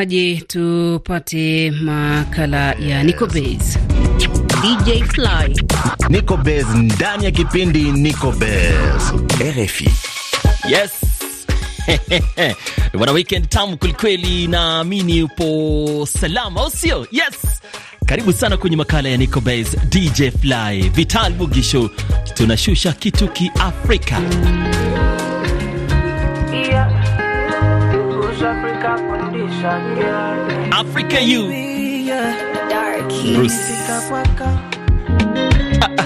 aje tupate makala ya Nico Bez. DJ Fly. Nico Bez ndani ya kipindi Nico Bez. RFI. Yes. Bwana weekend tamu kwelikweli, naamini upo salama, au sio? Yes. Karibu sana kwenye makala ya Nico Bez, DJ Fly, Vital Bugisho, tunashusha kitu kiafrika Africa you Bruce ah. ah.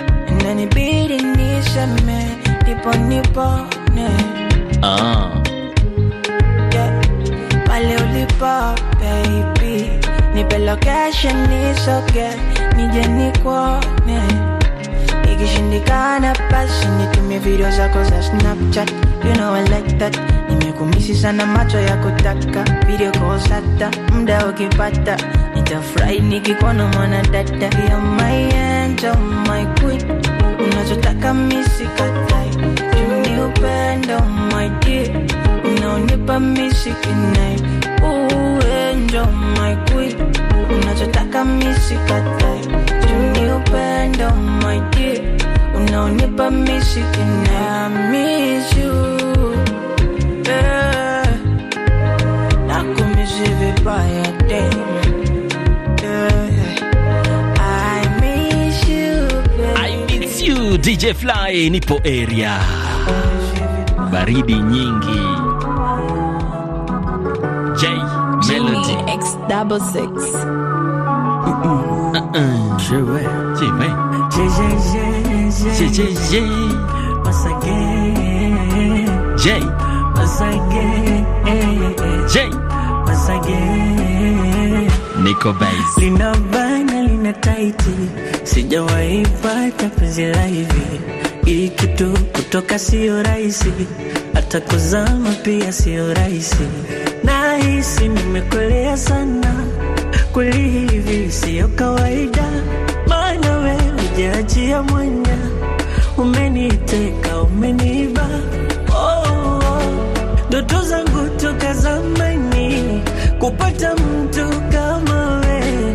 Pale ulipo baby, nipe location nisoge, Ikishindikana basi nitumie video zako za Snapchat, you know I like that Kumisi sana macho ya kutaka video kwa sata, mda ukipata nitafurahi nikikuona mwana dada, you're my angel, my queen, unachotaka misikatai, juni upendo my dear, unaonipa misikinai, angel my queen, unachotaka misikatai, juni upendo my dear, unaonipa kinai I miss you quiet day. Uh, I miss you, I miss you DJ Fly, nipo area, baridi nyingi. J Melody X double six. J J J Niko base lina bana lina taiti, sijawahi pata penzi la hivi. kutoka sio rahisi, hata kuzama pia sio rahisi. Nahisi nimekolea sana, kweli hivi siyo kawaida, maana we ujaachia mwenya umeniteka umeniba. Oh, oh, oh. doto zangu toka kupata mtu kama wewe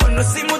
Conocimos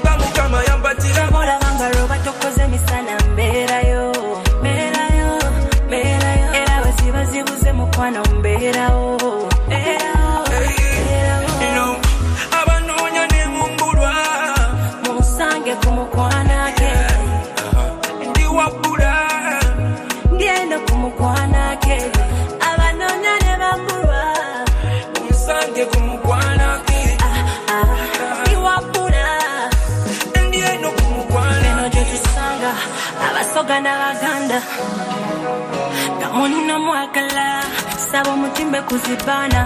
munino mwakala sabo omutimbe kuzibana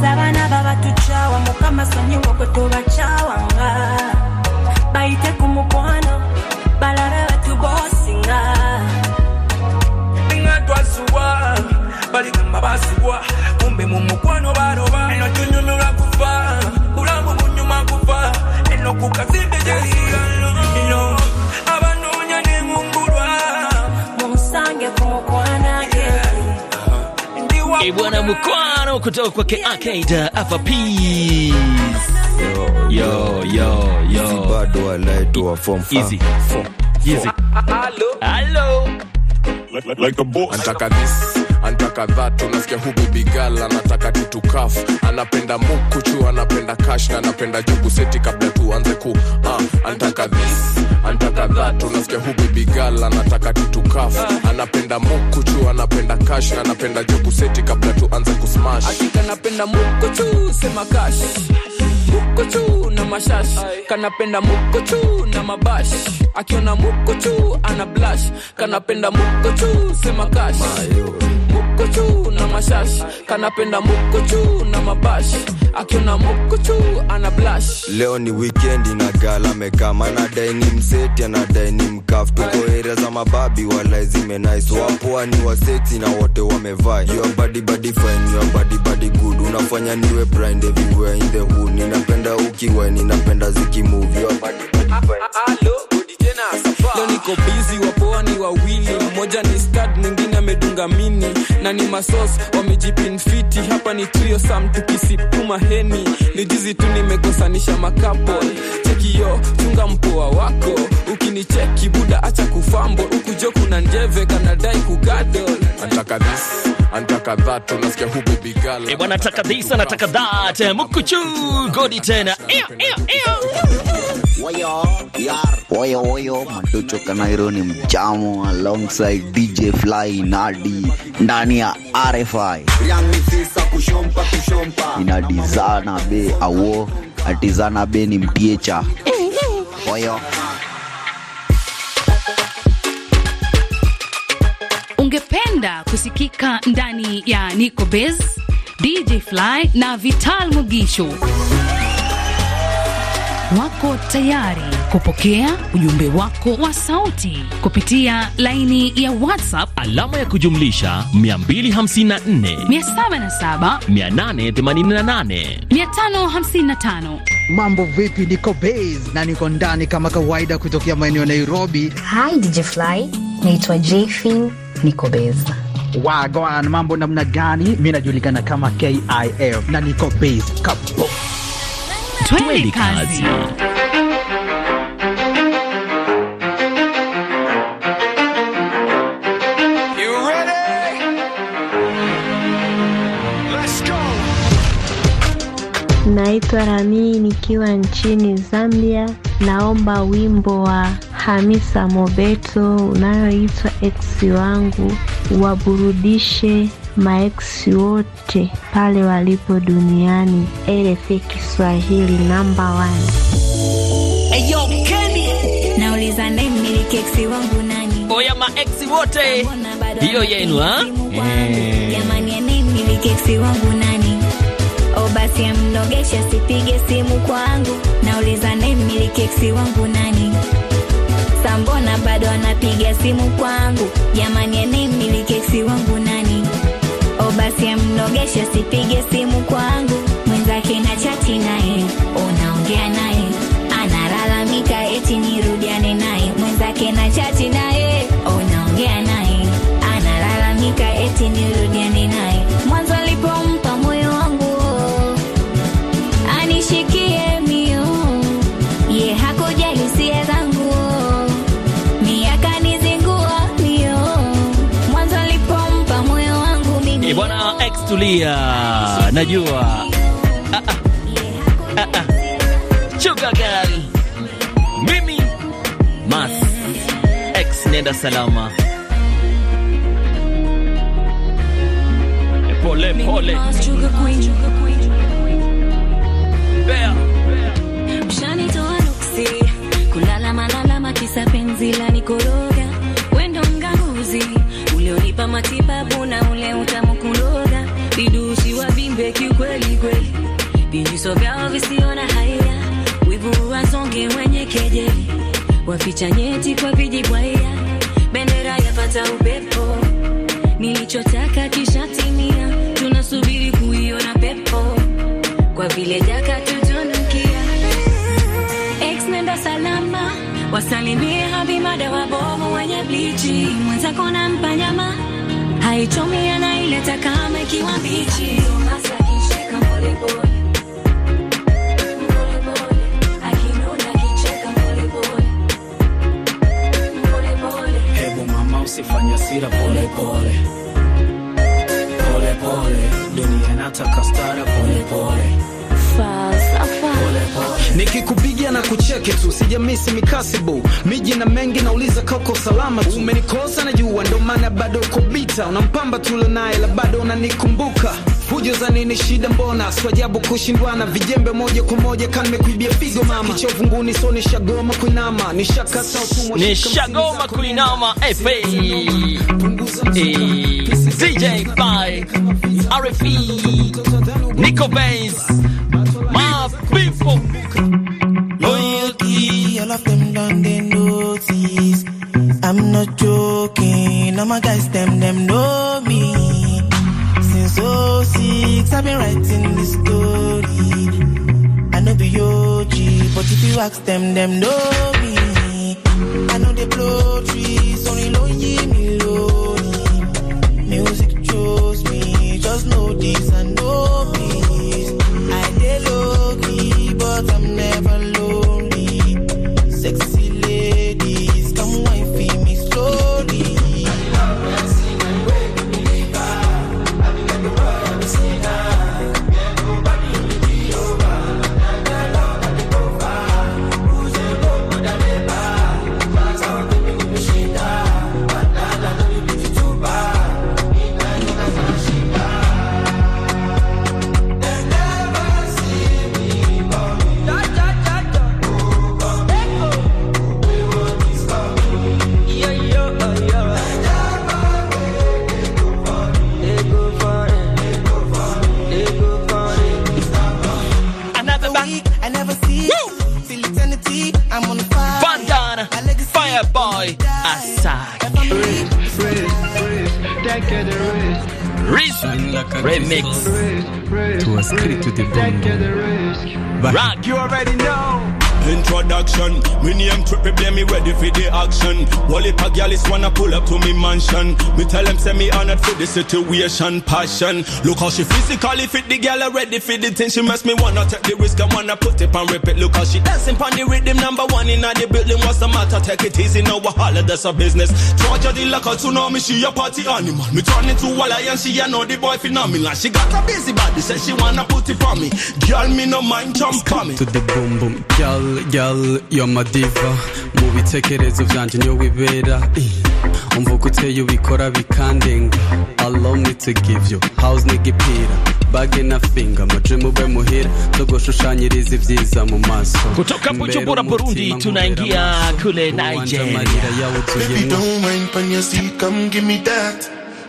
sabana babatukyawa mukama sonyiwo gwe tobakyawanga bayite ku mukwano balabe batubosinga nga twasuwa baligamba basuwa kumbe mu mukwano baloba eno tunyumirwa kufa bulamu bunyuma kufa eno ku kazimbe E bwana, mkwano kutoka kwake Akida afa peace. Yo yo yo yo. E-, form Easy. Easy. Hello. Hello. Like, the boss. this antaka dhatu nasikia hubu bigala anataka kitu kaf anapenda mukuchu anapenda kash na anapenda jugu seti kabla tuanze ku ah, antaka this antaka dhatu nasikia hubu bigala anataka kitu kaf anapenda mukuchu anapenda kash na anapenda jugu seti kabla tuanze kusmash Atika anapenda mukuchu sema kash muko mukuchu na mashash kanapenda mukuchu na mabash akiona muko mukuchu ana blash kanapenda mukuchu sema kash mukuchu na mashash kanapenda mukuchu na mabash akiona mokochu ana blush. leo ni weekend na gala mekama na daini mseti ana daini mkaf tuko eria za mababi wala zime nice wapo zimenais wa waseti na wote wamevai body good unafanya niwe blind everywhere in the hood ninapenda ukiwa ninapenda ziki move body body fine ah, ah, ah, bado niko bizi, wapoa ni wawili, mmoja ni stud, mwingine amedunga mini na ni masos wamejipinfiti. Hapa ni trio sam tukisipuma heni, ni jizi tu nimekosanisha makapo. Chekio chunga mpoa wako, ukinicheki buda acha kufambo, ukujo kuna njeve kanadai kugadol bwana taka dhis anataka that eh, mukuchu godi tena Eo eo eo. Oyo oyo Matucho Kanairo ni mjamo alongside DJ Fly Nadi ndani ya RFI zana be awo atizana be ni mtiecha oyo ungependa kusikika ndani ya Nico Bez, DJ Fly na Vital Mugisho wako tayari kupokea ujumbe wako wa sauti kupitia laini ya WhatsApp alama ya kujumlisha 254 Mambo vipi? Niko base na niko ndani kama kawaida kutokea maeneo ya Nairobi. Hi DJ Fly, naitwa Jfin, niko base. Wagwan, mambo namna gani? Mimi najulikana kama KIF na niko base kabisa. Twende kazi. Naitwa Ramii nikiwa nchini Zambia. Naomba wimbo wa Hamisa Mobeto unayoitwa eksi wangu, waburudishe maex wote pale walipo duniani. RFI Kiswahili namba 1. Hey, yo, nauliza mmiliki ex wangu nani? Oya maex wote, hiyo yenu ha? Eh. Jamani, mmiliki ex wangu nani? O oh, basi amnogesha, sipige simu kwangu. Nauliza mmiliki ex wangu nani? Sambona bado anapiga simu kwangu. Jamani, mmiliki ex wangu nani? basi amnogeshe, sipige simu kwangu, mwenzake na chati naye, unaongea naye, analalamika eti nirudiane naye, mwenzake na chati naye, unaongea naye tulia, najua chuka ah, ah. ah, gari mimi mas x nenda salama eh, pole pole mshanitoa kulala makisa penzi la nikoroga wendo mganguzi ulionipa matibabu na ule utamu viso vyao visio na haya, wivu wazonge wenye keje, waficha nyeti kwa vijibwaya, bendera yapata upepo, nilichotaka kisha timia, tunasubiri kuiona pepo kwa vile jaka tutunukia. Ex nenda salama, wasalimie habi mada wabovu wenye blichi, mwenzako na mpanyama haichomia na ileta kama ikiwa mbichi Hamisi Mikasibu, miji na mengi nauliza koko salama tu. Umenikosa najua, ndo maana bado kubita unampamba tule naye, la bado unanikumbuka Fujo za nini? Shida mbona swajabu kushindwana, vijembe moja kwa moja kanme kuibia pigo mama kicha uvunguni, so ni shagoma kuinama, ni shaka sa sautumwa, ni shagoma kuinama. FA DJ by RFE Nico Bass not joking. All my guys, them, them know me. Since '06 i I've been writing this story. I know be OG, but if you ask them, them know me. I know they blow trees, only lonely me lonely. Music chose me, just know this and know this. I they low key, but I'm Remix. To Tu as scritto dei bongos. Rock, you already know. Introduction, me name trip, me blame me ready for the action. Wally a girl is wanna pull up to me mansion. Me tell them send me honored for the situation, passion. Look how she physically fit the girl already uh, for the thing. She mess me wanna take the risk, I wanna put it and rip it. Look how she dancing pon the rhythm number one in the building. What's the matter? Take it easy, no holler. that's a business. Tragedy like a tsunami, she a party animal. Me turn into a lion, she a know the boy phenomenon. She got a busy body, say she wanna put it on me. Girl, me no mind jump on me. To the boom boom, girl gal yo madiva mu bitekerezo byanjye niyo wibera umvuga uteye ubikora bikandenga allow me to give you house n'igipira bage na finga maje mube muhira tugushushanyiriza ibyiza mu maso kutoka Bujumbura Burundi tunaingia kule Nigeria Baby don't mind pan your seat come give me that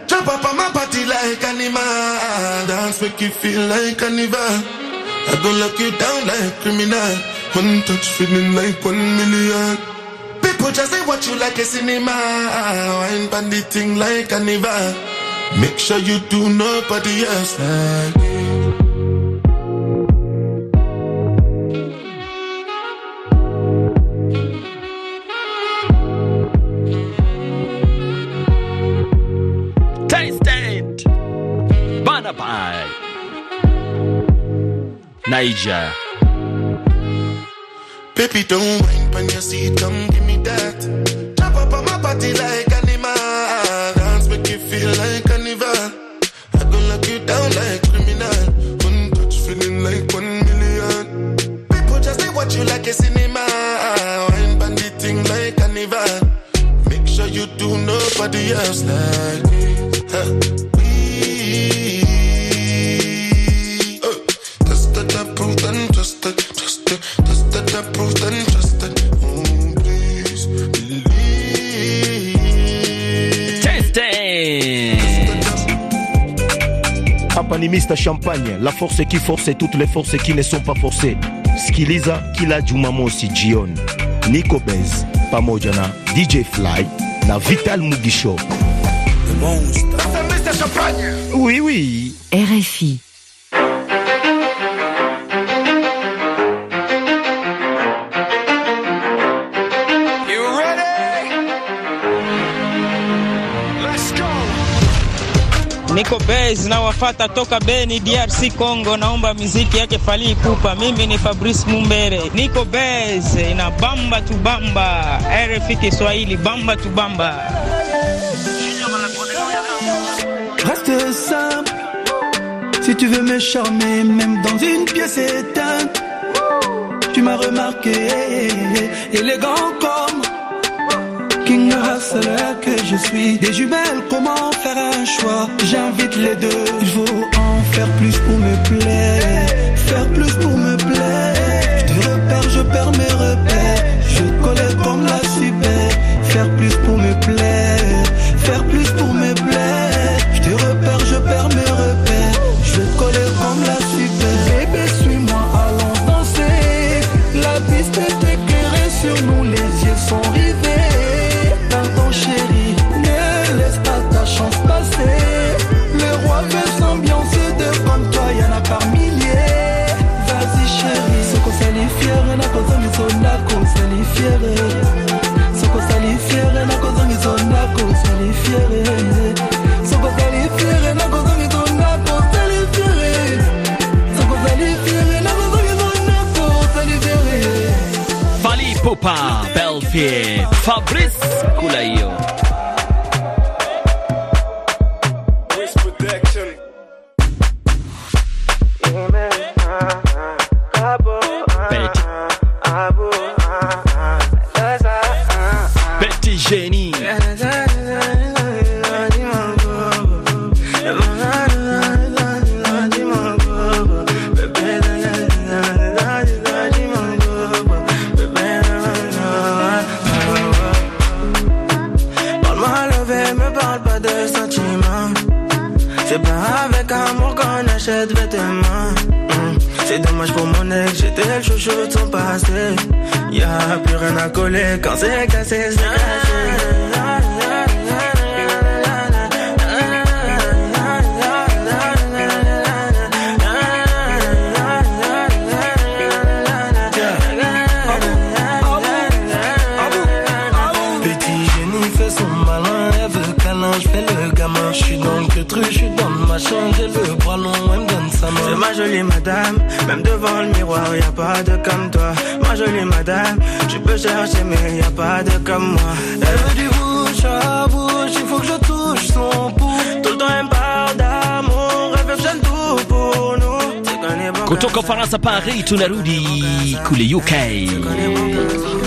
Jump up on my party like animal Dance make you feel like carnival I go lock you down like criminal One touch feeling like one million. People just say what you like a cinema. Wine bandit thing like carnival. Make sure you do nobody else like me. Niger. Baby, don't whine on your seat, come give me that. Chop up on my body like animal. Dance make you feel like carnival. I gon' lock you down like criminal. One touch feeling like one million. People just they watch you like a cinema. on the thing like carnival. Make sure you do nobody else like. Apanimiste à Champagne, la force qui force toutes les forces qui ne sont pas forcées. S'kiliza, kila aussi, jioni. Nico Bez Pamojana, DJ Fly na Vital Mugisho. Oui, oui. RFI. Niko Base nawafata toka Beni, DRC Congo. Naomba miziki yake Fali kupa Mimi ni Fabrice Mumbere, Nico Base na bamba tu bamba, RFI Swahili, bamba tubamba. bamba. Reste simple si tu veux me charmer, même dans une pièce éteinte. Tu m'as remarqué, élégant comme King hustler que je suis. Des jumelles, comment faire un choix J'invite les deux. Il faut en faire plus pour me plaire. Faire plus pour me plaire. Je repère, je perds mes repères. Pupa belfie Fabrice Kula C'est pas avec amour qu'on achète vêtements. Hmm. C'est dommage pour mon ex, j'étais le chouchou de son passé. Y'a plus rien à coller quand c'est cassé, c'est cassé. Changez le ballon, elle me donne sa main. C'est ma jolie madame, même devant le miroir, y a pas de comme toi. Ma jolie madame, tu peux chercher, mais y a pas de comme moi. Elle veut du bouche à bouche, il faut que je touche son pouce. Tout le temps, elle me parle d'amour, elle veut tout pour nous. Kutoka Ufaransa Paris, tunarudi kule UK.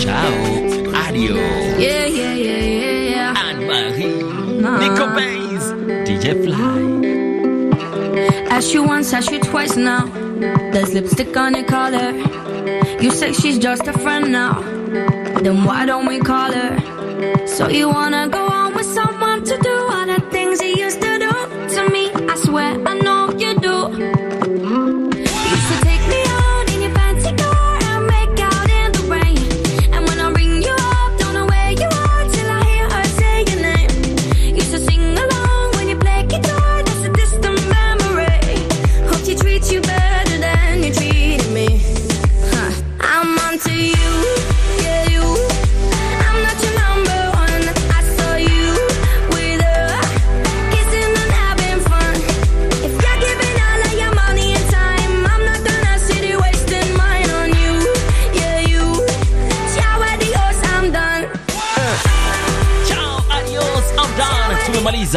Ciao, adio. Yeah, yeah, yeah, yeah, yeah. Anne-Marie, Nico Bays, DJ Fly. Asked you once, asked you twice now. There's lipstick on your collar. You say she's just a friend now. Then why don't we call her? So you wanna go on with someone to do all the things that you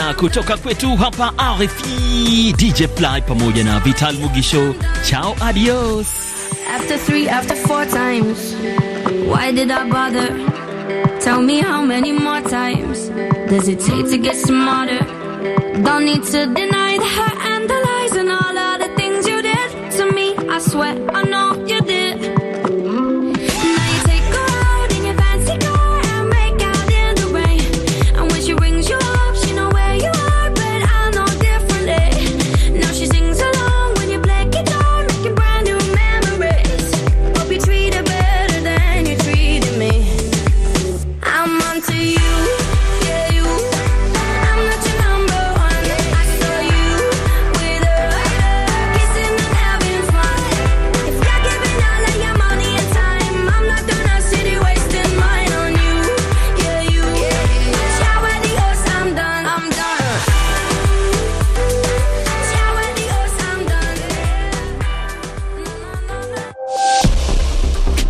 kutoka kwetu hapa RFI, DJ Fly pamoja na Vital Mugisho. adios. After three, after four times, why did I bother? Tell me how many more times does it take to get smarter? Don't need to deny the hurt and the lies and all of the things you did to me. I swear.